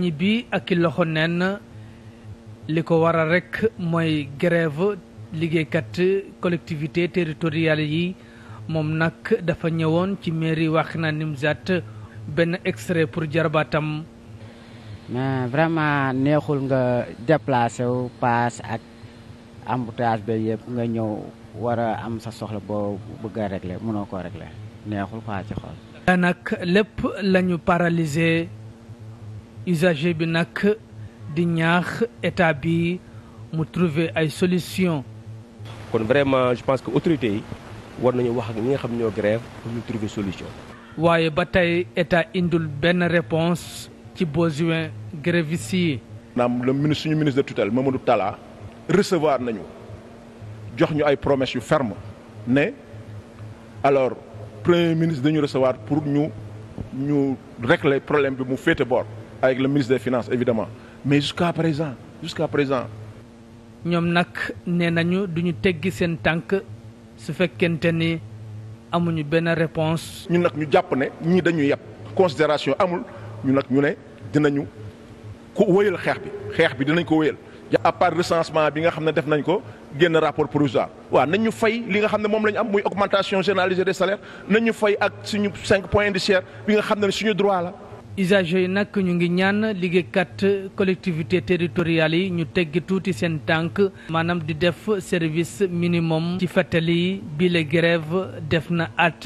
ñibbi ak i loxo nen li ko waral rek mooy grève liggéeykat collectivité territoriale yi moom nag dafa ñëwoon ci mairie Wakhinane Nimzatt benn extrait pour jarbaatam vraiment neexul nga déplacé paas ak embouteillage ba yëpp nga ñëw war a am sa soxla boo bëgg a mënoo ko régler neexul quoi ci xool. nag lépp lañu paralysé. usager bi nag di ñaax état bi mu trouver ay solution kon vraiment je pense que autorité yi war nañu wax ak ñi nga xam ñoo grève pour ñu trouver solution waaye ba tey état indul benn réponse ci besoin grévistes yi naam le minis suñu ministre de tutelle Mamadou Talla recevoir nañu jox ñu ay promesses yu ferme ne alors premier ministre dañu recevoir pour ñu ñu régler problème bi mu féete boor avec le ministre des Finances évidemment mais jusqu'à présent jusqu'à présent. ñoom nag nee nañu duñu teggi seen tànk su fekkente ni amuñu benn réponse ñun nag ñu jàpp ne ñii dañuy yàpp considération amul ñu nag ñu ne dinañu ko wëyal xeex bi xeex bi dinañ ko wëyal. à part recensement bi nga xam ne def nañ ko génn rapport provisoire waaw nañ ñu fay li nga xam ne moom la am muy augmentation généralisée des de nañ ñu fay ak suñu cinq usagers yi nag ñu ngi ñaan liggéeykat collectivité territoriales yi ñu teggi tuuti seen tànk maanaam di def service minimum ci fàttali bile grève def na at